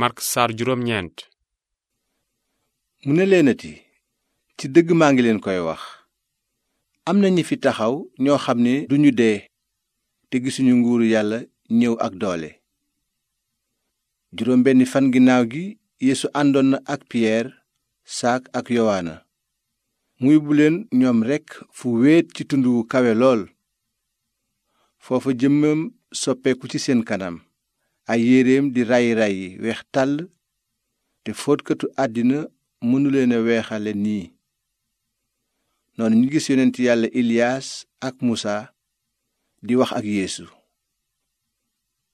Mark saar juróom mu ne leenati ci dëgg maa ngi leen koy wax am na ñi fi taxaw ñoo xam ne duñu dee te gisuñu nguuru yàlla ñëw ak doole juróom benni fan ginnaaw gi yéesu àndoon na ak Piyeer Saak ak Yowaana muy bu leen ñoom rekk fu wéet ci tund wu kawe lool foofa jëmmam soppeeku ci seen kanam ay yéreem di rayi rayi weex tàll te footkatu àddina mënuleena weexale nii noonu ñu gis yonent yàlla iliyaas ak musa di wax ak yéesu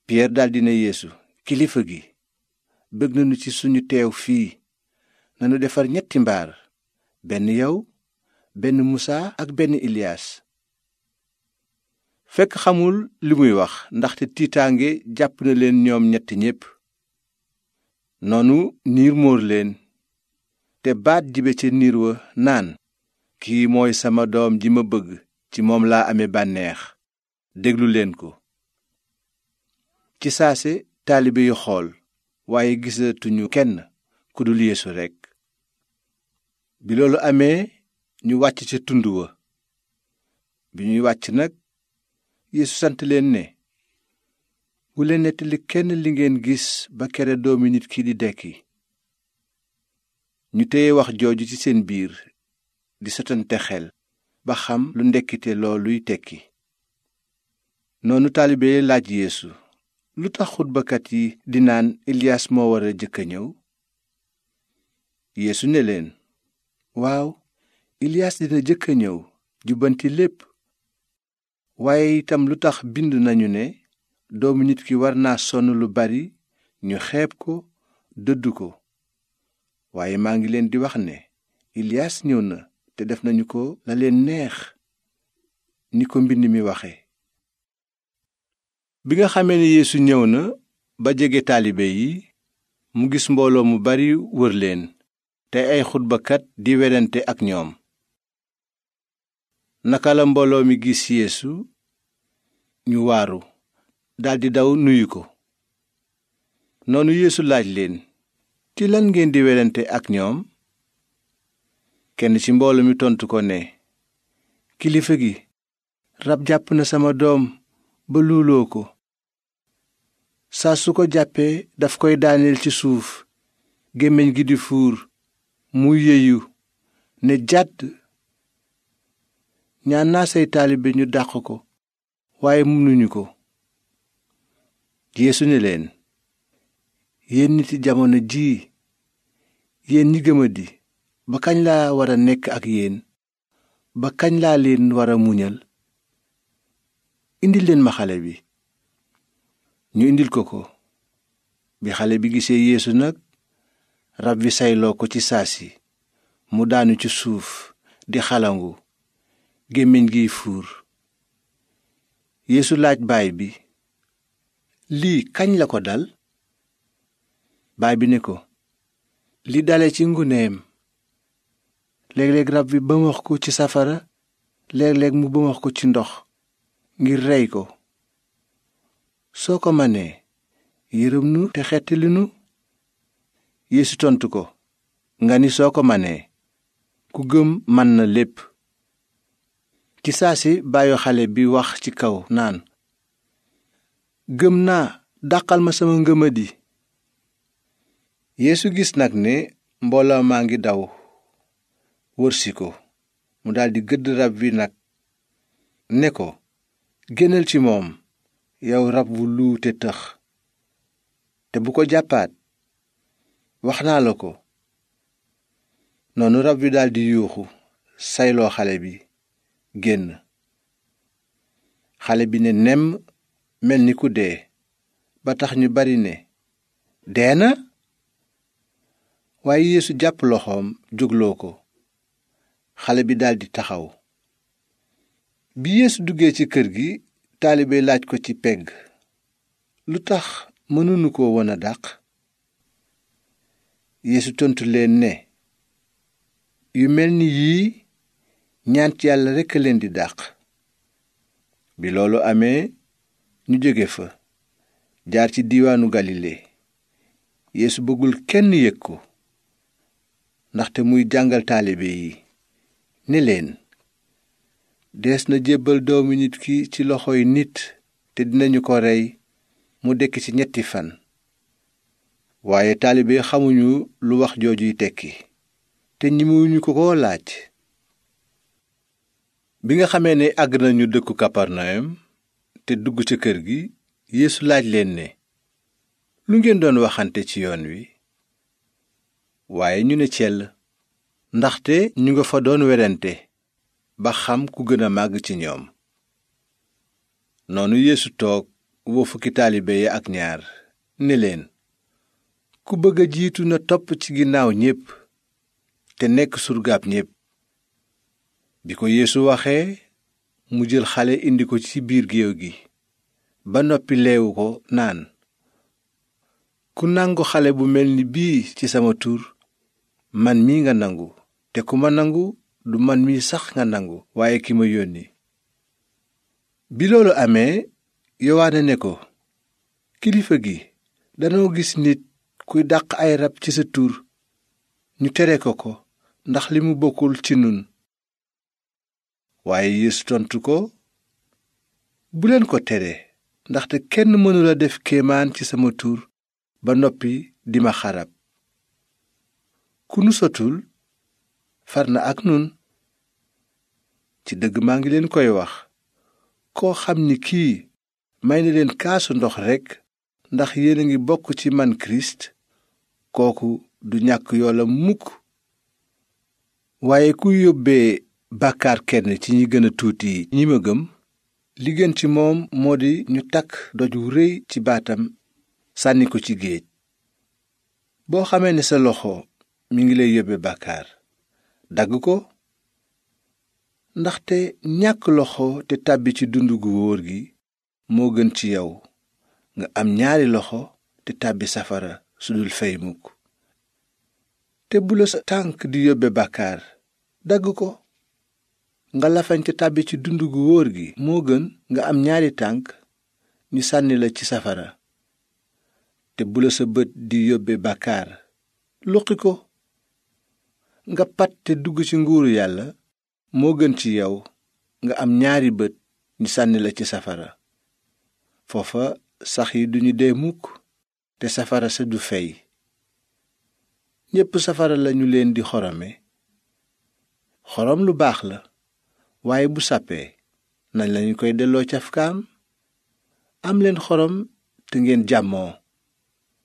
piyeer daldi ne yeesu kilifa gi bëgg nañu ci suñu teew fii nanu defar ñetti mbaar benn yow benn musa ak benn iliyaas fekk xamul li muy wax ndaxte tiitaange jàpp na leen ñoom ñetti ñépp noonu niir móor leen te baat jibe ca niir wa naan kii mooy sama doom ji ma bëgg ci moom laa ame bànneex déglu leen ko ci saase taalibe yu xool waaye gisatuñu kenn ku dul rekk bi loolu amee ñu wàcc ca tund wa bi ñuy wàcc nag Yeesu sant leen ne bu leen nettali kenn li ngeen gis ba kere doomi nit ki di dekki ñu téye wax jooju ci seen biir di satante xel ba xam lu ndekkite looluy tekki noonu taalibe yi laaj yeesu lu tax xutbakat yi di naan Elias moo wara jëkk a ñëw yeesu ne leen waaw Elias dina jëkk a ñëw jubbanti lépp waaye itam lu tax bind nañu ne doomu nit ki war naa sonn lu bari ñu xeeb ko dëdd ko waaye maa ngi leen di wax ne Ilias ñëw na te def nañu ko la leen neex ni ko mbind mi waxe bi nga xamee ne Yeesu ñëw na ba jege taalibe yi mu gis mbooloo mu bari wër leen te ay xutbakat di werante ak ñoom naka la mbooloo mi gis yéesu ñu waaru daldi daw nuyu ko noonu yéesu laaj leen ci lan ngeen di werante ak ñoom kenn ci mbooloo mi tontu ko ne kilifa gi rab jàpp na sama doom ba luuloo ko saa su ko jàppee daf koy daaneel ci suuf gémmiñ gi di fuur mu yeyu ne jàdd ñaan naa say taalibe ñu dàq ko waaye nuñu ko yeesu ne leen yéen niti jamono jii yéen ñi gëmadi ba kañ laa war a nekk ak yéen ba kañ laa leen war a muñal indil leen ma xale bi ñu indil ko ko bi xale bi gisee yéesu nag rab wi sayloo ko ci saa si mu daanu ci suuf di xalangu gémmiñ giy fuur yeesu laaj baay bi lii kañ la ko dal baay bi ne ko li dale ci nguneem léeg-léeg rab bi bëmax ko ci safara léeg-léeg mu bëmax ko ci ndox ngir rey ko soo ko manee yërëm nu te xettali nu tontu ko nga ni soo ko manee ku gëm man na lépp ci saa si bàyyu xale bi wax ci kaw naan gëm naa dàqal ma sama ngëma ngëmadi yéesu gis nag ne mbooloo maa ngi daw wërsi ko mu daldi gëdd rab wi nag ne ko génnal ci moom yow rab wu luute tëx te bu ko jàppaat wax naa la ko noonu rab wi daldi yuuxu sayloo xale bi génn xale bi ne nemm mel ni ku dee ba tax ñu bari ne dee na waaye yéesu jàpp loxoom jógloo ko xale bi daldi taxaw bi yeesu duggee ci kër gi taalibe laaj ko ci pegg lu tax mënunu ko woon dàq yeesu tontu leen ne yu mel ni yii ñaant yàlla rekk a leen di dàq bi loolu amee ñu jóge fa jaar ci diiwaanu galile yéesu bëggul kenn yëg ko ndaxte muy jàngal taalibe yi ne leen dees na jébbal doomu nit ki ci loxoy nit te dinañu ko rey mu dekk ci ñetti fan waaye taalibe xamuñu lu wax joojuy tekki te ñimuñu ko ko laaj bi nga xamee ni àgg nañu dëkku kaparnayom te dugg ca kër gi yéesu laaj leen ne lu ngeen doon waxante ci yoon wi waaye ñu ne cell ndaxte ñu nga fa doon werante ba xam ku gën a màgg ci ñoom noonu yéesu toog woo fukki taalibe yi ak ñaar ne leen ku bëgg a jiitu na topp ci ginnaaw ñépp te nekk surgaab ñépp bi ko yéesu waxee mu jël xale indi ko ci biir géew gi ba noppi leewu ko naan ku nangu xale bu mel ni bii ci sama tur man mi nga nangu te ku ma nangu du man mi sax nga nangu waaye ki ma yónni bi loolu amee yowaane ne ko kilifa gi danoo gis nit kuy dàq ay rab ci sa tur ñu tere ko ko ndax li mu bokkul ci nun waaye Yeesu tontu ko buleen ko tere ndaxte kenn mënula def kéemaan ci sama tur ba noppi di ma xarab ku nusatul far na ak nun ci dëgg maa ngi leen koy wax koo xam ni kii may na leen kaasu ndox rekk ndax yéen a ngi bokk ci man kirist kooku du ñàkk yoola mukk waaye ku yóbbee bàkkaar kenn ci ñi gën a tuuti ñi ma gëm li gën ci moom moo di ñu takk doj wu rëy ci baatam sànni ko ci géej boo xamee ne sa loxo mu ngi lay yóbbe bàkkaar dagg ko ndaxte ñàkk loxo te tàbbi ci dund gu wóor gi moo gën ci yow nga am ñaari loxo te tàbbi safara su dul fey mukk te bu la sa tànk di yóbbe bàkkaar dagg ko nga lafañ te tàbbi ci dund gu wóor gi moo gën nga am ñaari tànk ñu sànni la ci safara te bu la sa bët di yóbbe bàkkaar luqi ko nga pat te dugg ci nguuru yàlla moo gën ci yow nga am ñaari bët ñu sànni la ci safara foofa sax yi duñu dee mukk te safara sa du fey ñépp safara lañu leen di xorome xorom lu baax la waaye bu sàppee nañ lañu koy delloo cafkaam am leen xorom te ngeen jàmmoo